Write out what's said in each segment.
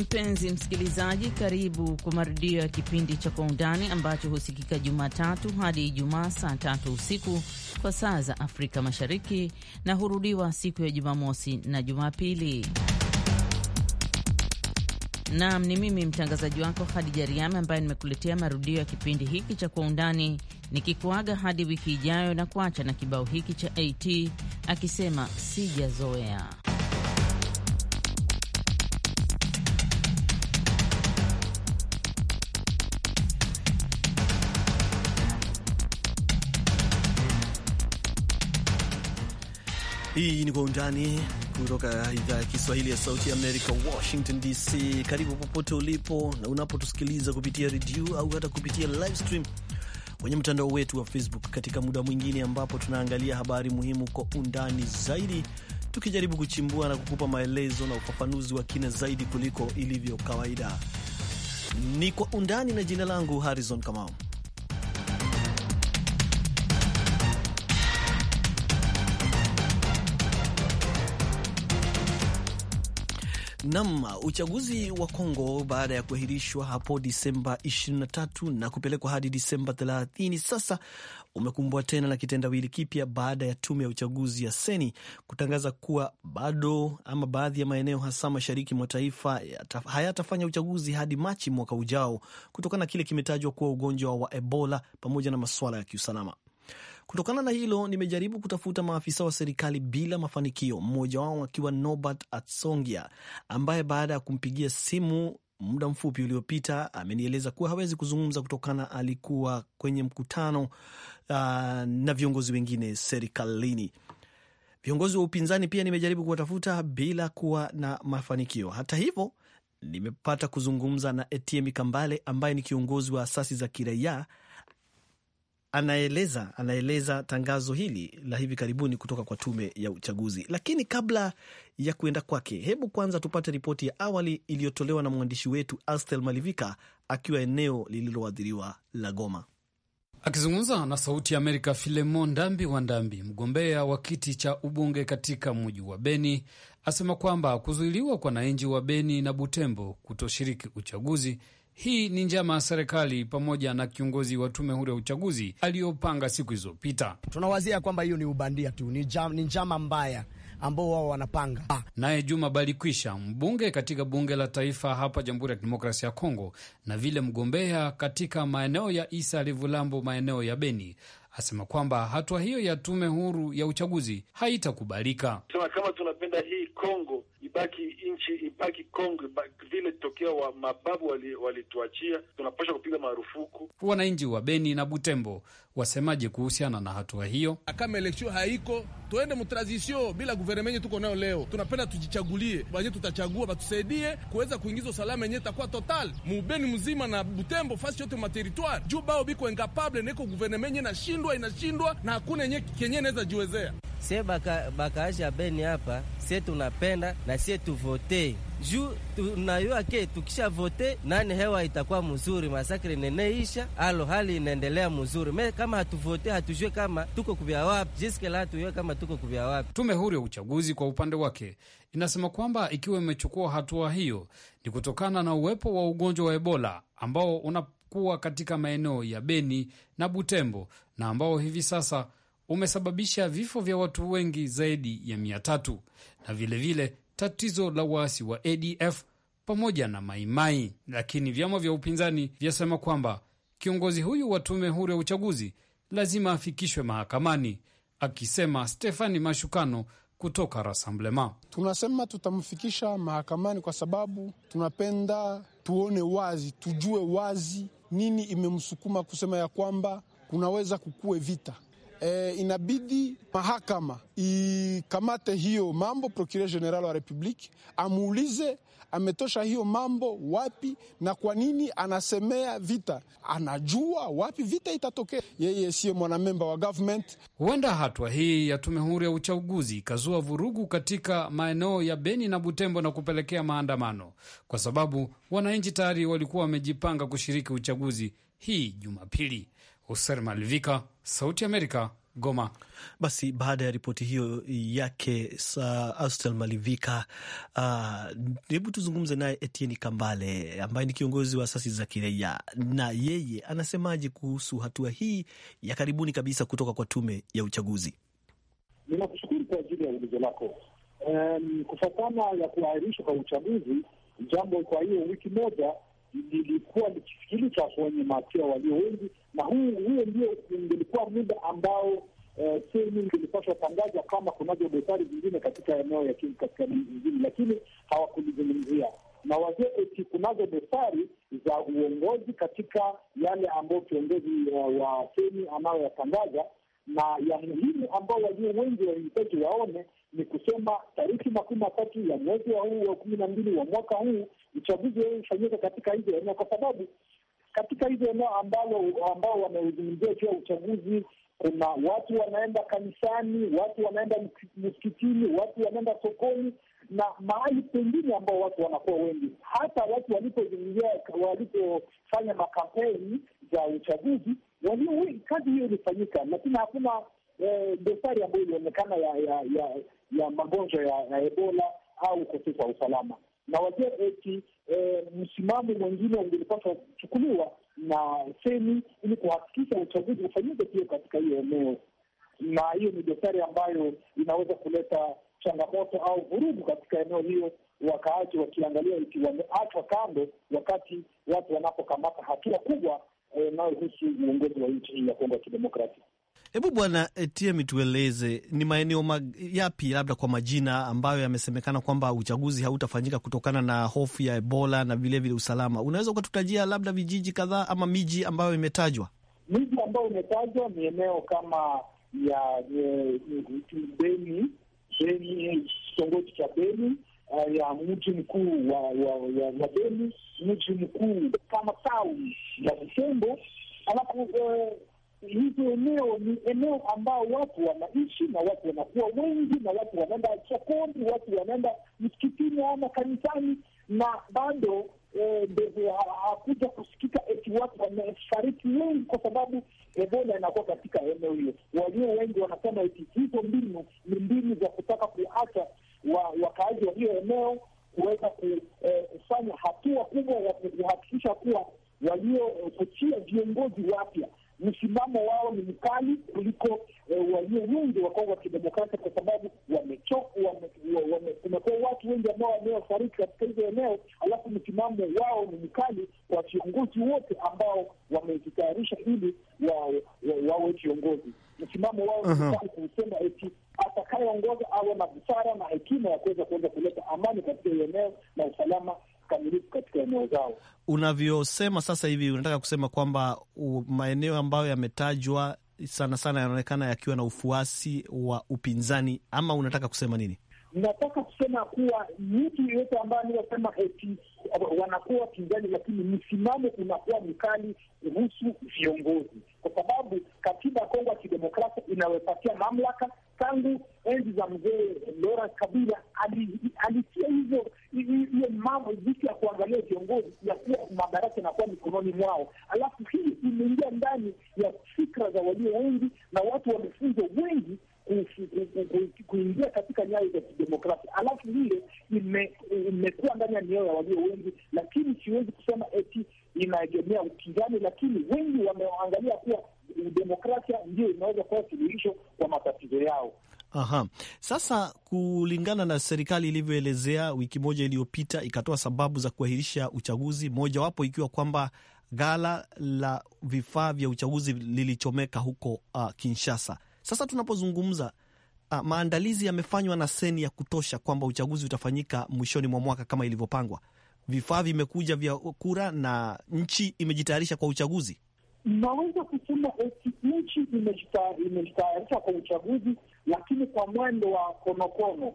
Mpenzi msikilizaji, karibu kwa marudio ya kipindi cha Kwa Undani ambacho husikika Jumatatu hadi Ijumaa saa tatu usiku kwa saa za Afrika Mashariki na hurudiwa siku ya Jumamosi na Jumapili. Naam, ni mimi mtangazaji wako Hadija Riame ambaye nimekuletea marudio ya kipindi hiki cha Kwa Undani, nikikuaga hadi wiki ijayo na kuacha na kibao hiki cha AT akisema sijazoea. Hii ni Kwa Undani kutoka idhaa ya Kiswahili ya Sauti ya Amerika, Washington DC. Karibu popote ulipo na unapotusikiliza kupitia redio au hata kupitia live stream kwenye mtandao wetu wa Facebook, katika muda mwingine ambapo tunaangalia habari muhimu kwa undani zaidi, tukijaribu kuchimbua na kukupa maelezo na ufafanuzi wa kina zaidi kuliko ilivyo kawaida. Ni Kwa Undani na jina langu Harrison Kamau. Nam, uchaguzi wa Kongo baada ya kuahirishwa hapo Disemba 23 na kupelekwa hadi Disemba 30 sasa umekumbwa tena na kitendawili kipya baada ya tume ya uchaguzi ya Seni kutangaza kuwa bado ama baadhi ya maeneo hasa mashariki mwa taifa hayatafanya uchaguzi hadi Machi mwaka ujao kutokana na kile kimetajwa kuwa ugonjwa wa Ebola pamoja na masuala ya kiusalama. Kutokana na hilo, nimejaribu kutafuta maafisa wa serikali bila mafanikio, mmoja wao akiwa Nobert Atsongia ambaye baada ya kumpigia simu muda mfupi uliopita amenieleza kuwa hawezi kuzungumza kutokana alikuwa kwenye mkutano uh, na viongozi wengine serikalini. Viongozi wa upinzani pia nimejaribu kuwatafuta bila kuwa na mafanikio. Hata hivyo, nimepata kuzungumza na Etiemi Kambale ambaye ni kiongozi wa asasi za kiraia anaeleza anaeleza tangazo hili la hivi karibuni kutoka kwa tume ya uchaguzi. Lakini kabla ya kuenda kwake, hebu kwanza tupate ripoti ya awali iliyotolewa na mwandishi wetu Astel Malivika akiwa eneo lililoathiriwa la Goma. Akizungumza na Sauti ya Amerika, Filemon Ndambi wa Ndambi, mgombea wa kiti cha ubunge katika mji wa Beni, asema kwamba kuzuiliwa kwa wananchi wa Beni na Butembo kutoshiriki uchaguzi hii ni njama ya serikali pamoja na kiongozi wa tume huru ya uchaguzi aliyopanga siku hizopita. Tunawazia kwamba hiyo ni ubandia tu, ni njama mbaya ambao wao wanapanga. Ah, naye Juma Balikwisha, mbunge katika bunge la taifa hapa Jamhuri ya Kidemokrasia ya Kongo na vile mgombea katika maeneo ya Isa Livulambo, maeneo ya Beni, asema kwamba hatua hiyo ya tume huru ya uchaguzi haitakubalika. Kama tunapenda hii Kongo ibaki nchi ibaki Kongo vile tokea wa mababu walituachia, wali tunapasha kupiga marufuku. Wananchi wa Beni na Butembo wasemaje kuhusiana na hatua hiyo? Kama eleksio haiko, tuende mtransition bila guvernemenye tuko nayo leo. Tunapenda tujichagulie baje, tutachagua batusaidie kuweza kuingiza usalama yenyewe takuwa total mubeni mzima na Butembo, fasi yote materitwari juu bao biko engapable neko guvernemenye nashindwa inashindwa na hakuna yenye kenye naweza jiwezea. Sie baka ya beni hapa, se tunapenda na sie tuvote juu tunayua ke tukisha vote nani hewa itakuwa mzuri, masakre neneisha, alo hali inaendelea mzuri. Me kama hatuvote hatujue kama tuko kuvya wapi, jiske la hatujue kama tuko kuvya wapi. Tume huru ya uchaguzi kwa upande wake inasema kwamba ikiwa imechukua hatua hiyo ni kutokana na uwepo wa ugonjwa wa Ebola ambao unakuwa katika maeneo ya Beni na Butembo na ambao hivi sasa umesababisha vifo vya watu wengi zaidi ya mia tatu na vilevile vile, tatizo la waasi wa ADF pamoja na Maimai, lakini vyama vya upinzani vyasema kwamba kiongozi huyu wa tume huru ya uchaguzi lazima afikishwe mahakamani, akisema Stefani Mashukano kutoka Rassemblement. Tunasema tutamfikisha mahakamani kwa sababu tunapenda tuone wazi, tujue wazi nini imemsukuma kusema ya kwamba kunaweza kukue vita e, inabidi mahakama ikamate hiyo mambo. Procureur general wa republiki amuulize ametosha hiyo mambo wapi na kwa nini anasemea vita, anajua wapi vita itatokea. Yeye siyo mwanamemba wa government. Huenda hatua hii ya tume huru ya uchaguzi ikazua vurugu katika maeneo ya Beni na Butembo na kupelekea maandamano, kwa sababu wananchi tayari walikuwa wamejipanga kushiriki uchaguzi hii Jumapili. Hoser Malvika, Sauti Amerika, Goma. Basi baada ya ripoti hiyo yake Austel Malivika, ah, hebu uh, tuzungumze naye etieni Kambale ambaye ni kiongozi wa asasi za kiraia, na yeye anasemaje kuhusu hatua hii ya karibuni kabisa kutoka kwa tume ya uchaguzi? Ninakushukuru kwa ajili ya ulizo lako. Um, kufatana ya kuahirishwa kwa uchaguzi jambo, kwa hiyo wiki moja lilikuwa ni kifikili cha wenye maafia walio wengi, na huu huo ndio ungelikuwa muda ambao sehemu ilipaswa tangaza kama kunazo dosari zingine katika eneo ya Kivu kaskazini lakini hawakulizungumzia. Na wazee eti kunazo dosari za uongozi katika yale ambayo kiongozi eh, wa sehemu anayoyatangaza, na ya muhimu ambao walio wengi walihitaji waone ni kusema tarifi makumi matatu ya mwezi wa huu wa kumi na mbili wa mwaka huu uchaguzi wao ufanyika katika hizo eneo, kwa sababu katika hizo eneo ambalo ambao wamezungumzia juu ya uchaguzi, kuna watu wanaenda kanisani, watu wanaenda msikitini, watu wanaenda sokoni na mahali pengine ambao watu wanakuwa wengi. Hata watu walipozungumzia, walipofanya makampeni za uchaguzi, walio kazi hiyo ilifanyika, lakini hakuna eh, dosari ambayo ilionekana ya ya, ya, ya magonjwa ya, ya Ebola au ukosefu wa usalama na wazia eti e, msimamo mwingine ungelipaswa kuchukuliwa na seni ili kuhakikisha uchaguzi ufanyike pia katika hiyo eneo, na hiyo ni dosari ambayo inaweza kuleta changamoto au vurugu katika eneo hiyo, wakaaji wakiangalia ikiwameachwa kando, wakati watu wanapokamata hatua kubwa eh, inayohusu e, uongozi wa nchi hii ya Kongo ya Kidemokrasia. Hebu Bwana TM, tueleze ni maeneo yapi labda kwa majina ambayo yamesemekana kwamba uchaguzi hautafanyika kutokana na hofu ya Ebola na vilevile usalama. Unaweza ukatutajia labda vijiji kadhaa ama miji ambayo imetajwa? Miji ambayo imetajwa ni eneo kama ya eh, Beni yenye kitongoji cha Beni eh, ya mji mkuu wa, wa, wa, wa Beni, mji mkuu kama tauni ya Butembo. Alafu uh, hizo eneo ni eneo ambao watu wanaishi na watu wanakuwa wengi na watu wanaenda sokoni, watu wanaenda msikitini ama kanisani na bado Eh, ndio hakuja kusikika eti watu wamefariki wengi kwa sababu Ebola inakuwa katika eneo hiyo. Walio wengi wanasema eti hizo mbinu ni mbinu za kutaka kuacha wakaaji wa hiyo eneo kuweza eh, kufanya hatua kubwa ya kuhakikisha kuwa waliokuchia eh, viongozi wapya msimamo wao ni mkali kuliko walio wengi wa Kongo Kidemokrasia. unavyosema sasa hivi unataka kusema kwamba maeneo ambayo yametajwa sana sana yanaonekana yakiwa na ufuasi wa upinzani, ama unataka kusema nini? Nataka kusema kuwa mtu yeyote ambayo anayosema eti wanakuwa wapinzani, lakini msimamo unakuwa mkali kuhusu viongozi, kwa sababu katiba ya Kongo ya kidemokrasia inawepatia mamlaka tangu enzi za mzee Laurent Kabila alitia hizo hiyo mambo jinsi ya kuangalia viongozi ya kuwa madaraka yanakuwa mikononi mwao. Alafu hii imeingia ndani ya fikra za walio wengi, na watu wamefunzwa wengi kuingia katika nyayo za kidemokrasia. Alafu hiyo imekuwa ndani ya mioyo ya walio wengi, lakini siwezi kusema eti inaegemea upinzani, lakini wengi wameangalia kuwa demokrasia ndio inaweza kuwa suluhisho Aha. Sasa kulingana na serikali ilivyoelezea wiki moja iliyopita, ikatoa sababu za kuahirisha uchaguzi, mojawapo ikiwa kwamba ghala la vifaa vya uchaguzi lilichomeka huko uh, Kinshasa. Sasa tunapozungumza uh, maandalizi yamefanywa na seni ya kutosha kwamba uchaguzi utafanyika mwishoni mwa mwaka kama ilivyopangwa. Vifaa vimekuja vya kura na nchi imejitayarisha kwa uchaguzi. Naweza kusema eti nchi imejitayarisha kwa uchaguzi, kwa mwendo wa konokono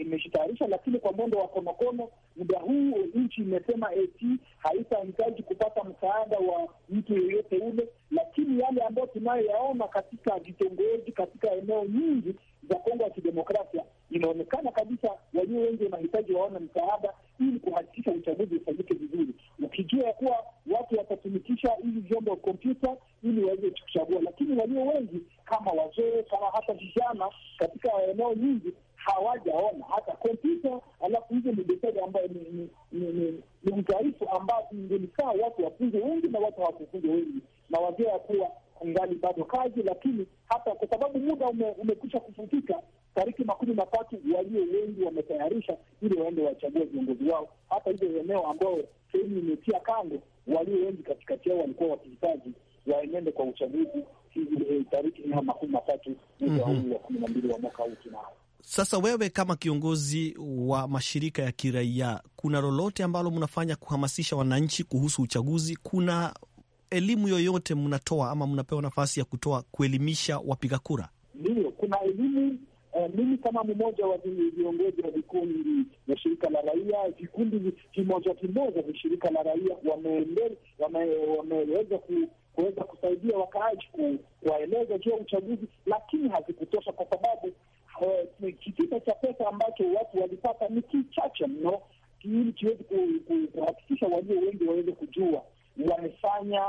imeshitayarisha ime, lakini kwa mwendo wa konokono, muda huu nchi imesema eti haitahitaji kupata msaada wa mtu yeyote ule, lakini yale ambayo tunayoyaona katika vitongoji katika eneo nyingi za Kongo ya Kidemokrasia inaonekana kabisa walio wengi wanahitaji waona msaada ili kuhakikisha uchaguzi ufanyike vizuri, ukijua ya kuwa watu watatumikisha hivi vyombo kompyuta ili ambazo walio wengi katikati yao walikuwa wakihitaji waenende kwa uchaguzi eh, tariki ni makumi matatu mwezi wa huu mhm. wa kumi na mbili wa mwaka huu tunao. Sasa wewe kama kiongozi wa mashirika ya kiraia, kuna lolote ambalo mnafanya kuhamasisha wananchi kuhusu uchaguzi? Kuna elimu yoyote mnatoa ama mnapewa nafasi ya kutoa kuelimisha wapiga kura? Ndiyo, kuna elimu Eh, mimi kama mmoja wa viongozi wa vikundi vya shirika la raia, vikundi kimoja kimoja vya shirika la raia wameweza kuweza kusaidia wakaaji kuwaeleza juu ya uchaguzi, lakini hazikutosha kwa sababu eh, kitita cha pesa ambacho watu walipata ni kichache mno, ili kiwezi kuhakikisha walio wengi waweze kujua wamefanya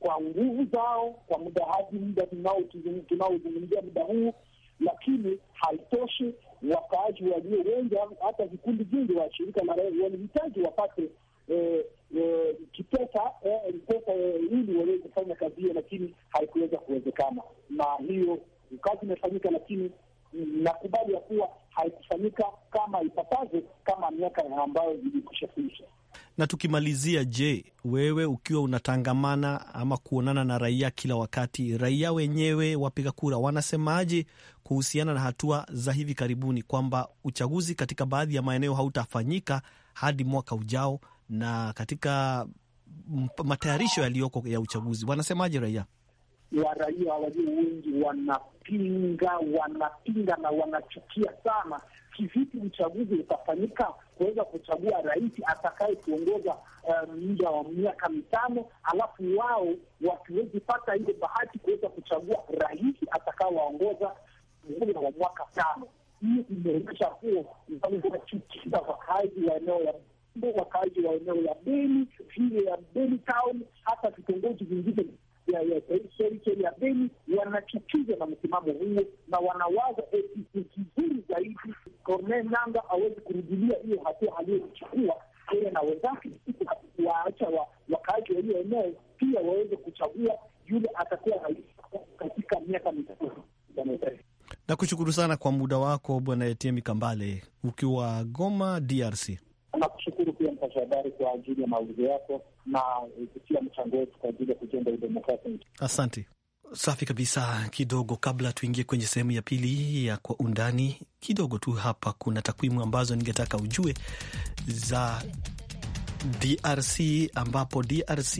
kwa nguvu zao kwa muda hadi muda tunaozungumzia muda huu lakini haitoshi. Wakaaji walio wengi, hata vikundi vingi wa shirika la raia walihitaji wapate eh, eh, kipesa eh, pesa eh, ili waweze kufanya kazi hiyo, lakini haikuweza kuwezekana. Na hiyo kazi imefanyika, lakini nakubali ya kuwa haikufanyika kama ipatavyo, kama miaka ambayo ilikwisha kuisha. Na tukimalizia, je, wewe ukiwa unatangamana ama kuonana na raia kila wakati, raia wenyewe wapiga kura wanasemaje kuhusiana na hatua za hivi karibuni kwamba uchaguzi katika baadhi ya maeneo hautafanyika hadi mwaka ujao, na katika matayarisho yaliyoko ya uchaguzi wanasemaje raia? wa raia walio wengi wanapinga, wanapinga na wanachukia sana. Kivipi uchaguzi utafanyika kuweza kuchagua rais atakaye kuongoza eh, muda um, wa miaka mitano, alafu wao wakiwezipata pata ile bahati kuweza kuchagua rais atakaowaongoza muda wa mwaka tano. Hii imeonyesha kuwa inachukiza wakaaji wa eneo la wakaaji wa eneo la Beni, vile ya Beni town, hata vitongoji vingine serikali ya Beni wanachukizwa na msimamo huo na wanawaza eti kizuri zaidi Corneille nanga awezi kurudilia hiyo hatua aliyochukua yeye na wenzake, waacha wakaaji wa hiyo eneo pia waweze kuchagua yule atakuwa rais katika miaka mitatu. Nakushukuru sana kwa muda wako Bwana Etiemi Kambale ukiwa Goma, DRC. Nakushukuru pia mpasha habari kwa ajili ya maulizo yako na kutia mchango wetu kwa ajili ya kujenga demokrasia. Asante. Safi kabisa. Kidogo kabla tuingie kwenye sehemu ya pili ya kwa undani, kidogo tu hapa kuna takwimu ambazo ningetaka ujue za DRC, ambapo DRC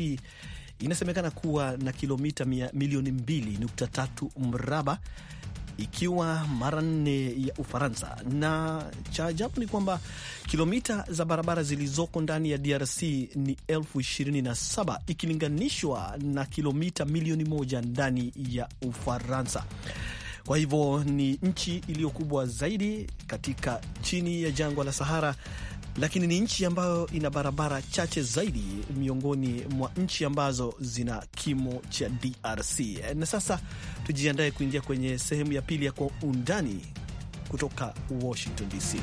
inasemekana kuwa na kilomita milioni mbili nukta tatu mraba ikiwa mara nne ya Ufaransa. Na cha ajabu ni kwamba kilomita za barabara zilizoko ndani ya DRC ni elfu ishirini na saba ikilinganishwa na kilomita milioni moja ndani ya Ufaransa. Kwa hivyo ni nchi iliyokubwa zaidi katika chini ya jangwa la Sahara lakini ni nchi ambayo ina barabara chache zaidi miongoni mwa nchi ambazo zina kimo cha DRC. Na sasa tujiandae kuingia kwenye sehemu ya pili ya Kwa Undani kutoka Washington DC.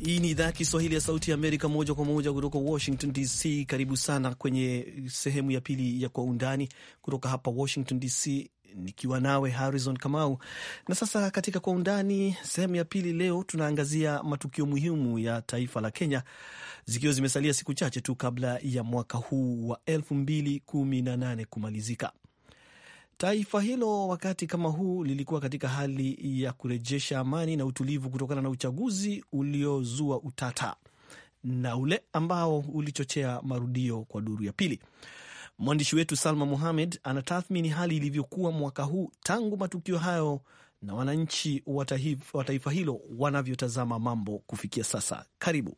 Hii ni idhaa ya Kiswahili ya Sauti ya Amerika, moja kwa moja kutoka Washington DC. Karibu sana kwenye sehemu ya pili ya Kwa Undani kutoka hapa Washington DC, nikiwa nawe Harrison Kamau. Na sasa katika Kwa Undani sehemu ya pili, leo tunaangazia matukio muhimu ya taifa la Kenya, zikiwa zimesalia siku chache tu kabla ya mwaka huu wa 2018 kumalizika. Taifa hilo wakati kama huu lilikuwa katika hali ya kurejesha amani na utulivu kutokana na uchaguzi uliozua utata na ule ambao ulichochea marudio kwa duru ya pili. Mwandishi wetu Salma muhamed anatathmini hali ilivyokuwa mwaka huu tangu matukio hayo na wananchi wa taifa hilo wanavyotazama mambo kufikia sasa. Karibu.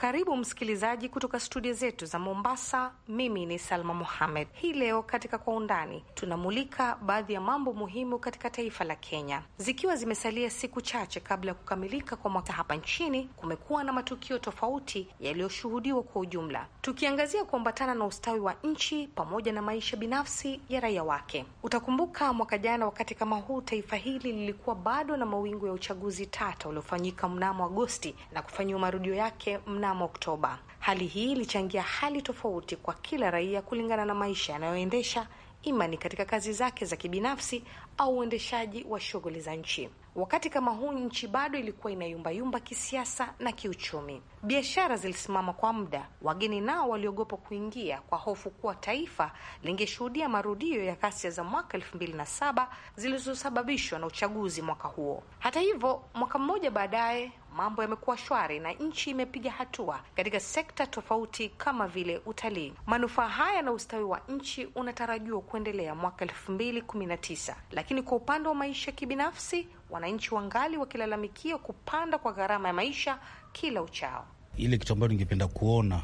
Karibu msikilizaji kutoka studio zetu za Mombasa. Mimi ni Salma Mohamed. Hii leo katika Kwa Undani tunamulika baadhi ya mambo muhimu katika taifa la Kenya. Zikiwa zimesalia siku chache kabla ya kukamilika kwa mwaka hapa nchini, kumekuwa na matukio tofauti yaliyoshuhudiwa kwa ujumla, tukiangazia kuambatana na ustawi wa nchi pamoja na maisha binafsi ya raia wake. Utakumbuka mwaka jana wakati kama huu taifa hili lilikuwa bado na mawingu ya uchaguzi tata uliofanyika mnamo Agosti na kufanyiwa marudio yake mnamo mnamo Oktoba. Hali hii ilichangia hali tofauti kwa kila raia kulingana na maisha yanayoendesha, imani katika kazi zake za kibinafsi au uendeshaji wa shughuli za nchi. Wakati kama huu nchi bado ilikuwa inayumbayumba kisiasa na kiuchumi, biashara zilisimama kwa muda. Wageni nao waliogopa kuingia kwa hofu kuwa taifa lingeshuhudia marudio ya ghasia za mwaka elfu mbili na saba zilizosababishwa na uchaguzi mwaka huo. Hata hivyo, mwaka mmoja baadaye mambo yamekuwa shwari na nchi imepiga hatua katika sekta tofauti kama vile utalii. Manufaa haya na ustawi wa nchi unatarajiwa kuendelea mwaka elfu mbili kumi na tisa, lakini kwa upande wa maisha kibinafsi wananchi wangali wakilalamikia kupanda kwa gharama ya maisha kila uchao. Ile kitu ambayo ningependa kuona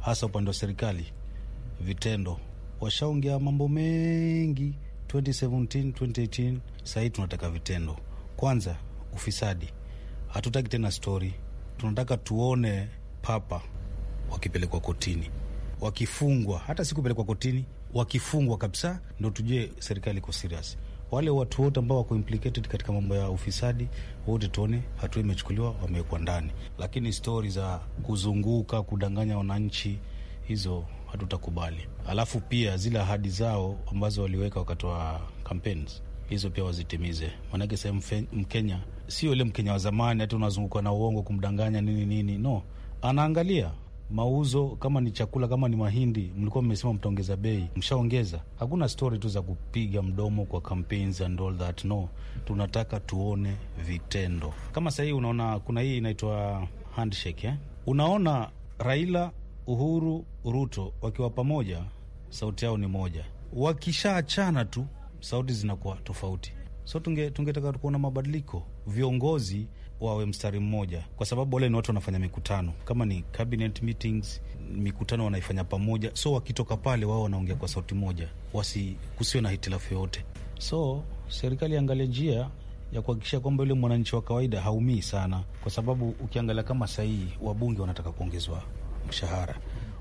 hasa upande wa serikali, vitendo. Washaongea mambo mengi 2017, 2018, sahii tunataka vitendo. Kwanza ufisadi, hatutaki tena stori, tunataka tuone papa wakipelekwa kotini, wakifungwa, hata si kupelekwa kotini, wakifungwa kabisa, ndo tujue serikali iko serious wale watu wote ambao wako implicated katika mambo ya ufisadi wote, tuone hatua imechukuliwa, wamewekwa ndani. Lakini stori za kuzunguka kudanganya wananchi hizo hatutakubali. Alafu pia zile ahadi zao ambazo waliweka wakati wa campaigns hizo pia wazitimize, maanake sehemu Mkenya sio ile Mkenya wa zamani, hata unazungukwa na uongo kumdanganya nini nini, no, anaangalia mauzo kama ni chakula, kama ni mahindi, mlikuwa mmesema mtaongeza bei, mshaongeza. Hakuna stori tu za kupiga mdomo kwa campaigns and all that, no. Tunataka tuone vitendo. Kama sahii unaona kuna hii inaitwa handshake eh? Unaona Raila, Uhuru, Ruto wakiwa pamoja, sauti yao ni moja. Wakishaachana tu sauti zinakuwa tofauti, so tungetaka tunge kuona mabadiliko viongozi wawe mstari mmoja, kwa sababu wale ni watu wanafanya mikutano, kama ni cabinet meetings, mikutano wanaifanya pamoja, so wakitoka pale wao wanaongea kwa sauti moja, wasi kusiwe na hitilafu yoyote. So serikali angalia njia ya kuhakikisha kwamba yule mwananchi wa kawaida haumii sana, kwa sababu ukiangalia kama sahii wabunge wanataka kuongezwa mshahara,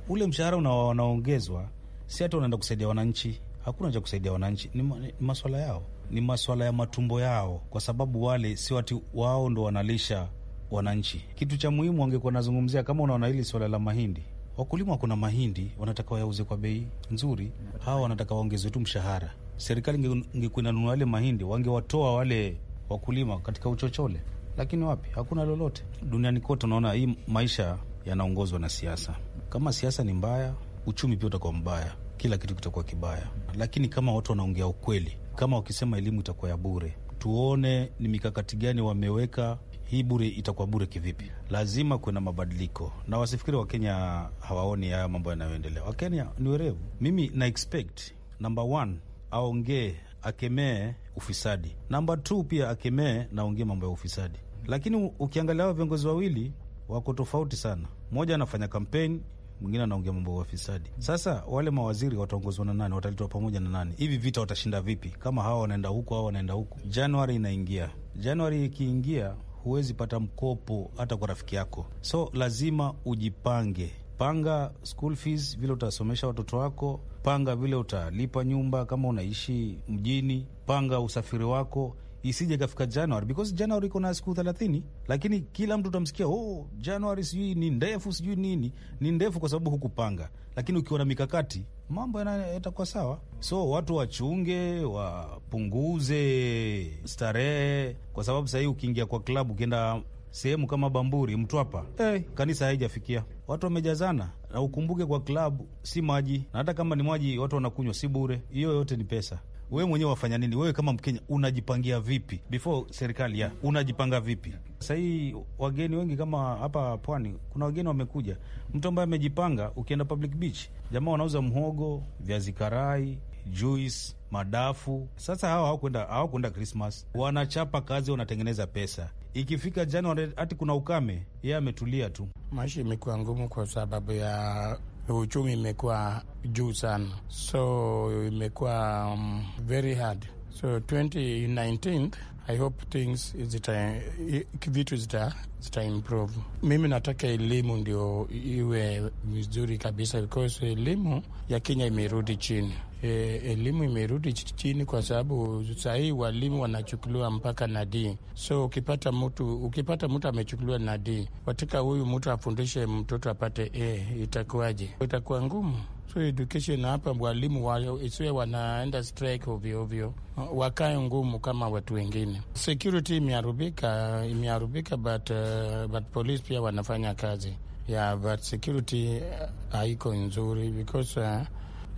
ule mshahara unaoongezwa si hata unaenda kusaidia wananchi hakuna cha kusaidia wananchi, ni, ma, ni maswala yao, ni maswala ya matumbo yao, kwa sababu wale si wati wao ndo wanalisha wananchi. Kitu cha muhimu wangekuwa nazungumzia, kama unaona hili swala la mahindi wakulima wako na mahindi wanataka wayauze kwa bei nzuri, hawa wanataka waongezwe tu mshahara. Serikali ingekuwa inanunua wale mahindi, wangewatoa wale wakulima katika uchochole, lakini wapi, hakuna lolote. Duniani kote unaona hii maisha yanaongozwa na siasa. Kama siasa ni mbaya, uchumi pia utakuwa mbaya kila kitu kitakuwa kibaya. Lakini kama watu wanaongea ukweli, kama wakisema elimu itakuwa ya bure, tuone ni mikakati gani wameweka hii bure itakuwa bure kivipi? Lazima kuna mabadiliko, na wasifikiri Wakenya hawaoni haya mambo yanayoendelea. Wakenya ni werevu. Mimi na expect namba one aongee, akemee ufisadi. Namba two pia akemee naongee mambo ya ufisadi. Lakini ukiangalia hao viongozi wawili wako tofauti sana, mmoja anafanya kampeni mwingine anaongea mambo ya ufisadi. Sasa wale mawaziri wataongozwa na nani? Wataletwa pamoja na nani? Hivi vita watashinda vipi kama hawa wanaenda huku, hawa wanaenda huku? Januari inaingia. Januari ikiingia, huwezi pata mkopo hata kwa rafiki yako, so lazima ujipange. Panga school fees, vile utasomesha watoto wako. Panga vile utalipa nyumba kama unaishi mjini. Panga usafiri wako isije kafika january because January iko na siku thelathini, lakini kila mtu utamsikia oh, Januari sijui ni ndefu sijui nini. Ni ndefu kwa sababu hukupanga, lakini ukiwa na mikakati mambo yatakuwa sawa. So watu wachunge, wapunguze starehe, kwa sababu sahii ukiingia kwa klabu ukienda sehemu kama Bamburi, Mtwapa, hey, kanisa haijafikia watu wamejazana, na ukumbuke kwa klabu si maji, na hata kama ni maji watu wanakunywa si bure, hiyo yote ni pesa wewe mwenyewe wafanya nini? Wewe kama Mkenya unajipangia vipi before serikali ya unajipanga vipi? Sahii wageni wengi kama hapa pwani, kuna wageni wamekuja. Mtu ambaye amejipanga, ukienda public beach, jamaa wanauza mhogo, viazi karai, juice, madafu. Sasa hawa hawakwenda hawakwenda Krismas, wanachapa kazi, wanatengeneza pesa. Ikifika Januari hati kuna ukame, yeye ametulia tu. Maisha imekuwa ngumu kwa sababu ya uchumi imekuwa juu sana, so imekuwa um, very hard So 2019 I hope things zita, vitu zita, zita improve. Mimi nataka elimu ndio iwe vizuri kabisa because elimu ya Kenya imerudi chini. E, elimu imerudi chini kwa sababu sahii walimu wanachukuliwa mpaka na D. So ukipata mtu ukipata mtu amechukuliwa na D, wataka huyu mtu afundishe mtoto apate A, itakuwaje? Itakuwa ngumu so education hapa, walimu wao isiwe wanaenda strike ovyo ovyo, wakae ngumu kama watu wengine. Security imeharibika, imeharibika but, uh, but police pia wanafanya kazi yeah, but security uh, haiko nzuri because uh,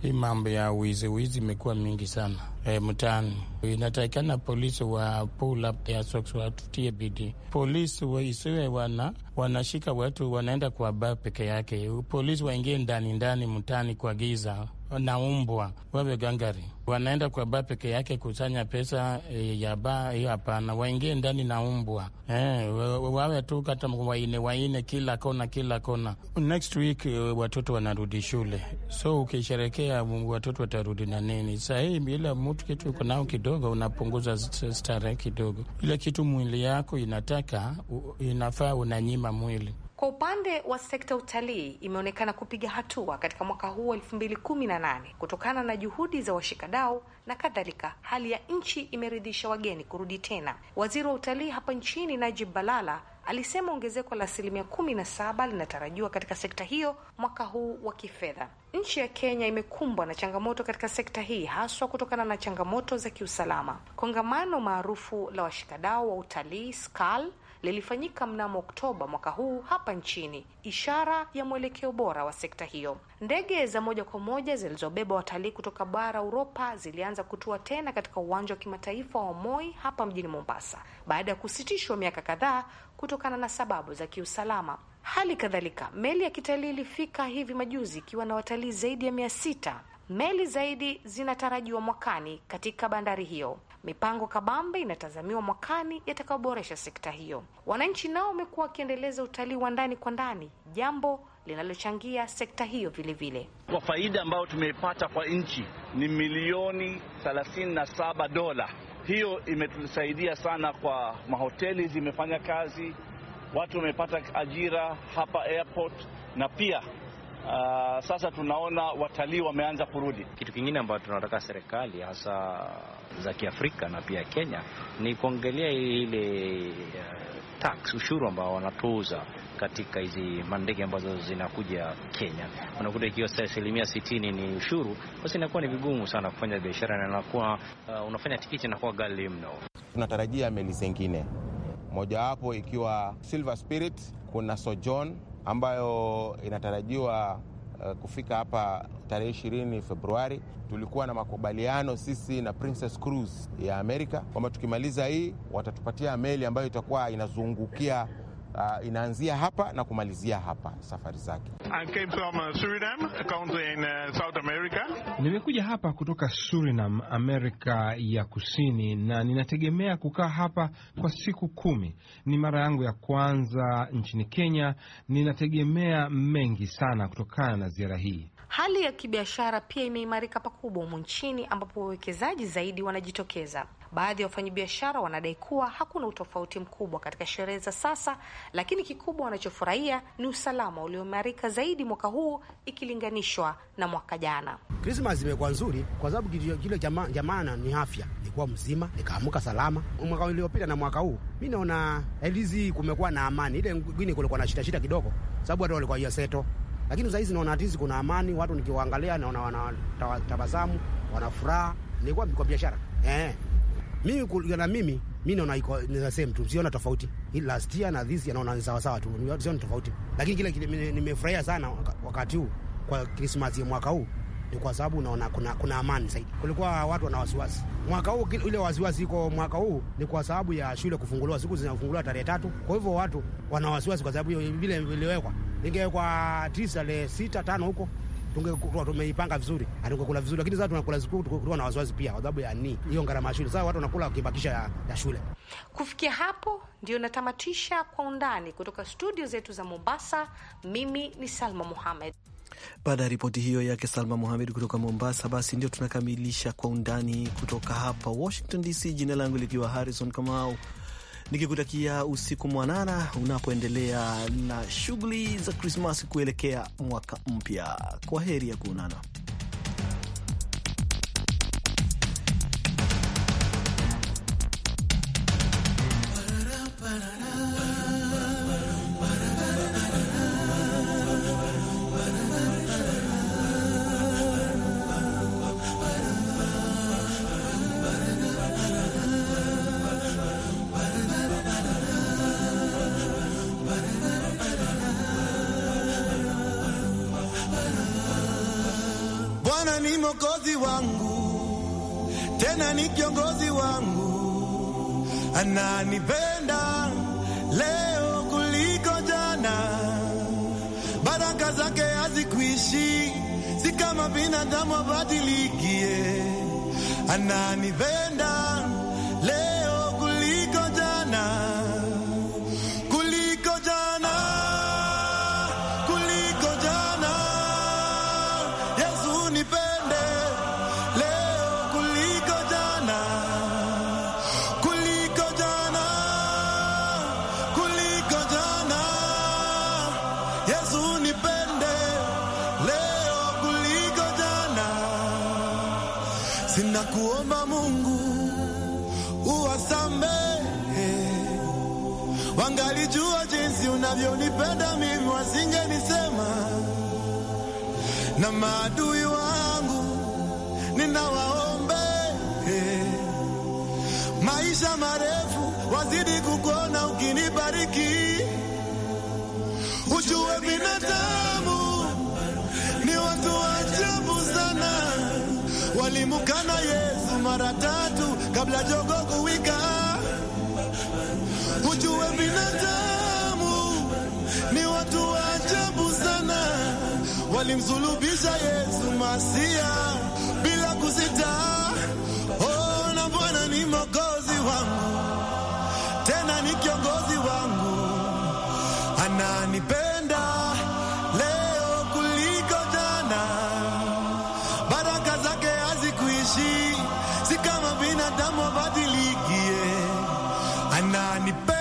hii mambo ya wizi wizi imekuwa mingi sana eh, mtaani. Inatakikana polisi wa pull up their socks, watutie bidii. Polisi wa isiwe wana wanashika watu wanaenda kwa baa peke yake. Polisi waingie ndani ndani mtaani kwa giza na umbwa wawe gangari, wanaenda kwa ba peke yake kusanya pesa e, ya ba hiyo. Hapana, waingie ndani na umbwa e, wawe tu kata waine waine kila kona kila kona. Next week eh, watoto wanarudi shule, so ukisherekea watoto watarudi na nini sahii bila mtu kitu uko nao kidogo, unapunguza starehe kidogo. Ile kitu mwili yako inataka inafaa, unanyima mwili. Kwa upande wa sekta utalii imeonekana kupiga hatua katika mwaka huu elfu mbili kumi na nane kutokana na juhudi za washikadau na kadhalika. Hali ya nchi imeridhisha wageni kurudi tena. Waziri wa utalii hapa nchini Najib Balala alisema ongezeko la asilimia kumi na saba linatarajiwa katika sekta hiyo mwaka huu wa kifedha. Nchi ya Kenya imekumbwa na changamoto katika sekta hii haswa kutokana na changamoto za kiusalama. Kongamano maarufu la washikadau wa utalii Skal lilifanyika mnamo Oktoba mwaka huu hapa nchini, ishara ya mwelekeo bora wa sekta hiyo. Ndege za moja kwa moja zilizobeba watalii kutoka bara Uropa zilianza kutua tena katika uwanja wa kimataifa wa Moi hapa mjini Mombasa baada ya kusitishwa miaka kadhaa kutokana na sababu za kiusalama. Hali kadhalika meli ya kitalii ilifika hivi majuzi ikiwa na watalii zaidi ya mia sita. Meli zaidi zinatarajiwa mwakani katika bandari hiyo. Mipango kabambe inatazamiwa mwakani yatakayoboresha sekta hiyo. Wananchi nao wamekuwa wakiendeleza utalii wa ndani kwa ndani, jambo linalochangia sekta hiyo vilevile. Kwa faida ambayo tumeipata kwa nchi ni milioni 37 dola hiyo imetusaidia sana kwa mahoteli, zimefanya kazi, watu wamepata ajira hapa airport, na pia Uh, sasa tunaona watalii wameanza kurudi. Kitu kingine ambacho tunataka serikali hasa za Kiafrika na pia Kenya ni kuongelea ile uh, tax ushuru ambao wanatoza katika hizi mandege ambazo zinakuja Kenya. Unakuta ikiwa asilimia sitini ni ushuru, basi inakuwa ni vigumu sana kufanya biashara na inakuwa uh, unafanya tikiti inakuwa ghali mno. Tunatarajia meli zingine mojawapo ikiwa Silver Spirit, kuna Sojourn ambayo inatarajiwa uh, kufika hapa tarehe ishirini Februari. Tulikuwa na makubaliano sisi na Princess Cruise ya Amerika kwamba tukimaliza hii watatupatia meli ambayo itakuwa inazungukia Uh, inaanzia hapa na kumalizia hapa safari zake. Uh, uh, nimekuja hapa kutoka Surinam, Amerika ya Kusini, na ninategemea kukaa hapa kwa siku kumi. Ni mara yangu ya kwanza nchini Kenya. Ninategemea mengi sana kutokana na ziara hii. Hali ya kibiashara pia imeimarika pakubwa humu nchini ambapo wawekezaji zaidi wanajitokeza. Baadhi ya wafanyabiashara wanadai kuwa hakuna utofauti mkubwa katika sherehe za sasa, lakini kikubwa wanachofurahia ni usalama ulioimarika zaidi mwaka huu ikilinganishwa na mwaka jana. Krismas imekuwa nzuri kwa sababu kile cha maana ni afya. nikuwa mzima nikaamka salama mwaka uliopita na mwaka huu, mi naona elizi kumekuwa na amani. Ile ngine kulikuwa na shitashita kidogo, sababu watu walikuwa yaseto lakini saa hizi naona atizi kuna amani, watu nikiwaangalia naona wanatabasamu, wana furaha. Nilikuwa kwa biashara eh, mimi kulingana mimi mi naona iko ni the same tu, siona tofauti hii last year na this year, naona ni sawa sawa tu, siona tofauti. Lakini kile nimefurahia sana wakati huu kwa Krismasi ya mwaka huu ni kwa sababu naona kuna, kuna amani zaidi. Kulikuwa watu wana wasiwasi mwaka huu, ile wasiwasi iko mwaka huu ni kwa sababu ya shule kufunguliwa, siku zinafunguliwa tarehe tatu. Kwa hivyo watu wana wasiwasi kwa sababu vile viliwekwa ingekuwa tisa le sita tano huko tungekuwa tumeipanga vizuri, atungekula vizuri, lakini sasa tunakula siku tukuwa na wazazi pia, kwa sababu ya ni hiyo gharama ya shule. Sasa watu wanakula wakibakisha ya, ya shule. Kufikia hapo ndio natamatisha kwa undani kutoka studio zetu za Mombasa. Mimi ni Salma Muhamed. Baada ya ripoti hiyo yake Salma muhamed kutoka Mombasa, basi ndio tunakamilisha kwa undani kutoka hapa Washington DC, jina langu likiwa Harrison Kamau nikikutakia usiku mwanana unapoendelea na shughuli za Krismasi kuelekea mwaka mpya. Kwa heri ya kuonana. ni mokozi wangu, tena ni kiongozi wangu, ananipenda leo kuliko jana, baraka zake hazikwishi, si kama binadamu abadilikie, ananipenda wangalijua jinsi unavyonipenda mimi, wasingenisema. Na maadui wangu ninawaombe, maisha marefu wazidi kukuona ukinibariki, ujue binadamu ni watu wajabu sana, walimukana Yesu mara tatu kabla jogo kuwika tuwe binadamu, ni watu wa ajabu sana, walimsulubisha Yesu Masia bila kusita. Oh, Bwana ni Mwokozi wangu, tena ni kiongozi wangu, ananipenda leo kuliko baraka zake hazikuishi, si kama binadamu wabadilikie, ananipenda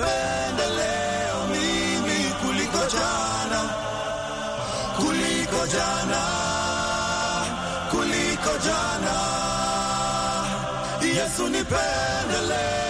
pendeleo mimi kuliko jana, kuliko jana, kuliko jana. Yesu nipendeleo